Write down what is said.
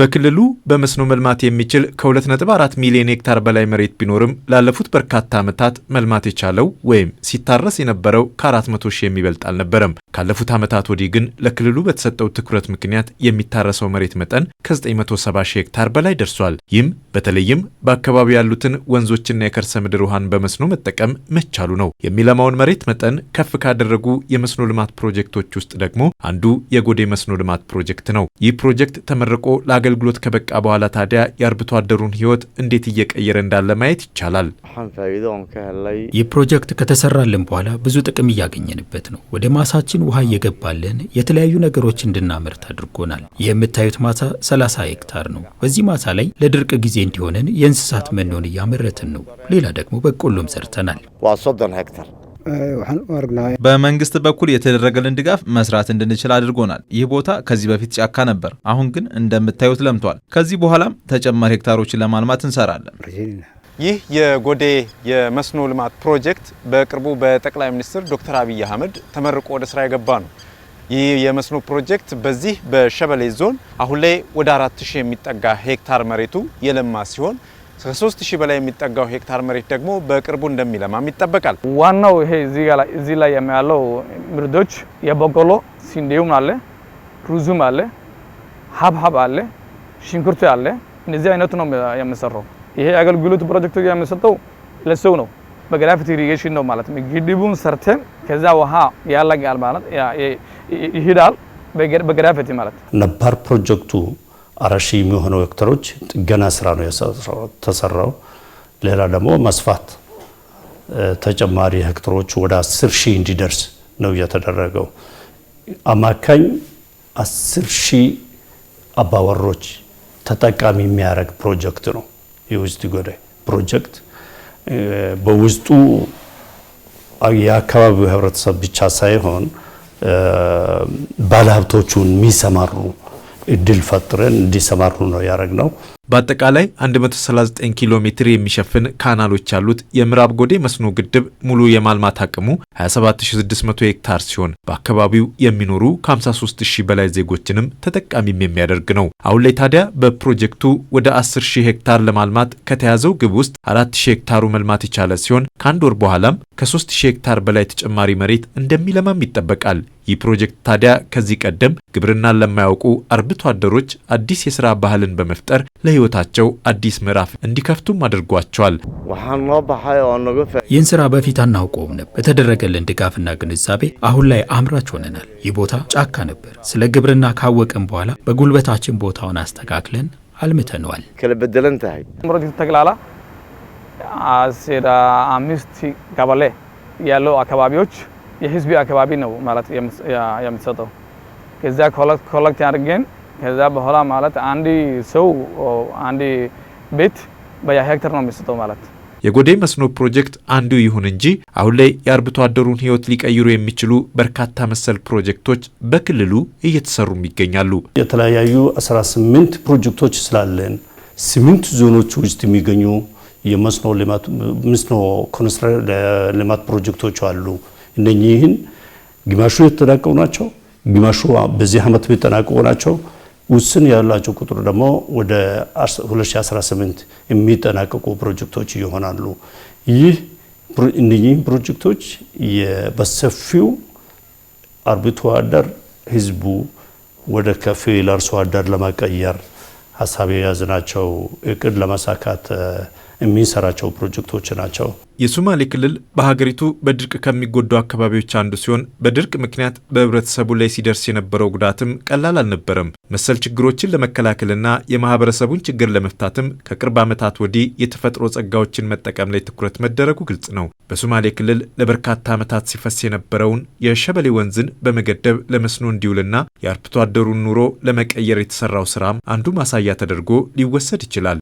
በክልሉ በመስኖ መልማት የሚችል ከ2.4 ሚሊዮን ሄክታር በላይ መሬት ቢኖርም ላለፉት በርካታ ዓመታት መልማት የቻለው ወይም ሲታረስ የነበረው ከ400 ሺህ የሚበልጥ አልነበረም። ካለፉት ዓመታት ወዲህ ግን ለክልሉ በተሰጠው ትኩረት ምክንያት የሚታረሰው መሬት መጠን ከ970 ሺህ ሄክታር በላይ ደርሷል። ይህም በተለይም በአካባቢው ያሉትን ወንዞችና የከርሰ ምድር ውሃን በመስኖ መጠቀም መቻሉ ነው። የሚለማውን መሬት መጠን ከፍ ካደረጉ የመስኖ ልማት ፕሮጀክቶች ውስጥ ደግሞ አንዱ የጎዴ መስኖ ልማት ፕሮጀክት ነው። ይህ ፕሮጀክት ተመርቆ ለአገልግሎት ከበቃ በኋላ ታዲያ የአርብቶ አደሩን ህይወት እንዴት እየቀየረ እንዳለ ማየት ይቻላል። ይህ ፕሮጀክት ከተሰራልን በኋላ ብዙ ጥቅም እያገኘንበት ነው። ወደ ማሳችን ውሃ እየገባልን የተለያዩ ነገሮች እንድናመርት አድርጎናል። የምታዩት ማሳ 30 ሄክታር ነው። በዚህ ማሳ ላይ ለድርቅ ጊዜ እንዲሆነን የእንስሳት መኖን እያመረትን ነው። ሌላ ደግሞ በቆሎም ሰርተናል። በመንግስት በኩል የተደረገልን ድጋፍ መስራት እንድንችል አድርጎናል። ይህ ቦታ ከዚህ በፊት ጫካ ነበር፣ አሁን ግን እንደምታዩት ለምቷል። ከዚህ በኋላም ተጨማሪ ሄክታሮችን ለማልማት እንሰራለን። ይህ የጎዴ የመስኖ ልማት ፕሮጀክት በቅርቡ በጠቅላይ ሚኒስትር ዶክተር አብይ አህመድ ተመርቆ ወደ ስራ የገባ ነው። ይህ የመስኖ ፕሮጀክት በዚህ በሸበሌ ዞን አሁን ላይ ወደ ሺህ የሚጠጋ ሄክታር መሬቱ የለማ ሲሆን ከ3000 በላይ የሚጠጋው ሄክታር መሬት ደግሞ በቅርቡ እንደሚለማም ይጠበቃል። ዋናው ይሄ እዚህ ላይ የሚያለው ምርቶች የበቆሎ ስንዴውም አለ፣ ሩዙም አለ፣ ሀብሀብ አለ፣ ሽንኩርቱ አለ። እነዚህ አይነቱ ነው የምሰራው። ይሄ አገልግሎት ፕሮጀክቱ የምሰጠው ለሰው ነው በግራፊቲ ኢሪጌሽን ነው ማለት ግድቡን ሰርተን ከዛ ውሃ ያላጋል ማለት ይሄዳል በግራፊቲ ማለት ነባር ፕሮጀክቱ አራሺ የሚሆኑ ሄክተሮች ጥገና ስራ ነው ተሰራው። ሌላ ደግሞ መስፋት ተጨማሪ ሄክተሮች ወደ አስር ሺህ እንዲደርስ ነው የተደረገው። አማካኝ አስር ሺህ አባወሮች ተጠቃሚ የሚያደርግ ፕሮጀክት ነው። የውስጥ ጎዴ ፕሮጀክት በውስጡ የአካባቢው ህብረተሰብ ብቻ ሳይሆን ባለሀብቶቹን የሚሰማሩ እድል ፈጥረን እንዲሰማሩ ነው ያደረግነው። በአጠቃላይ 139 ኪሎ ሜትር የሚሸፍን ካናሎች ያሉት የምዕራብ ጎዴ መስኖ ግድብ ሙሉ የማልማት አቅሙ 27600 ሄክታር ሲሆን በአካባቢው የሚኖሩ ከ53000 በላይ ዜጎችንም ተጠቃሚም የሚያደርግ ነው። አሁን ላይ ታዲያ በፕሮጀክቱ ወደ 10000 ሄክታር ለማልማት ከተያዘው ግብ ውስጥ 4000 ሄክታሩ መልማት የቻለ ሲሆን ከአንድ ወር በኋላም ከ3000 ሄክታር በላይ ተጨማሪ መሬት እንደሚለማም ይጠበቃል። ይህ ፕሮጀክት ታዲያ ከዚህ ቀደም ግብርናን ለማያውቁ አርብቶ አደሮች አዲስ የሥራ ባህልን በመፍጠር ለህይወት ለህይወታቸው አዲስ ምዕራፍ እንዲከፍቱም አድርጓቸዋል። ይህን ስራ በፊት አናውቀውም ነበር። በተደረገልን ድጋፍና ግንዛቤ አሁን ላይ አምራች ሆነናል። ይህ ቦታ ጫካ ነበር። ስለ ግብርና ካወቅን በኋላ በጉልበታችን ቦታውን አስተካክለን አልምተነዋል። ተግላላ አምስት ቀበሌ ያለው አካባቢዎች አካባቢ ነው ማለት የምትሰጠው ከዚያ አድርገን ከዛ በኋላ ማለት አንድ ሰው አንድ ቤት በየሄክተር ነው የሚሰጠው ማለት የጎዴ መስኖ ፕሮጀክት አንዱ ይሁን እንጂ አሁን ላይ የአርብቶ አደሩን ሕይወት ሊቀይሩ የሚችሉ በርካታ መሰል ፕሮጀክቶች በክልሉ እየተሰሩም ይገኛሉ። የተለያዩ 18 ፕሮጀክቶች ስላለን ስምንት ዞኖች ውስጥ የሚገኙ የመስኖ መስኖ ልማት ፕሮጀክቶች አሉ። እነኚህን ግማሹ የተጠናቀቁ ናቸው፣ ግማሹ በዚህ ዓመት የሚጠናቀቁ ናቸው። ውስን ያላቸው ቁጥር ደግሞ ወደ 2018 የሚጠናቀቁ ፕሮጀክቶች ይሆናሉ። ይህ እነኚህ ፕሮጀክቶች በሰፊው አርብቶ አደር ህዝቡ ወደ ከፊል አርሶ አደር ለመቀየር ሀሳብ የያዝናቸው እቅድ ለማሳካት የሚሰራቸው ፕሮጀክቶች ናቸው። የሶማሌ ክልል በሀገሪቱ በድርቅ ከሚጎዱ አካባቢዎች አንዱ ሲሆን በድርቅ ምክንያት በህብረተሰቡ ላይ ሲደርስ የነበረው ጉዳትም ቀላል አልነበረም። መሰል ችግሮችን ለመከላከልና የማህበረሰቡን ችግር ለመፍታትም ከቅርብ ዓመታት ወዲህ የተፈጥሮ ጸጋዎችን መጠቀም ላይ ትኩረት መደረጉ ግልጽ ነው። በሶማሌ ክልል ለበርካታ ዓመታት ሲፈስ የነበረውን የሸበሌ ወንዝን በመገደብ ለመስኖ እንዲውልና የአርብቶ አደሩን ኑሮ ለመቀየር የተሰራው ስራም አንዱ ማሳያ ተደርጎ ሊወሰድ ይችላል።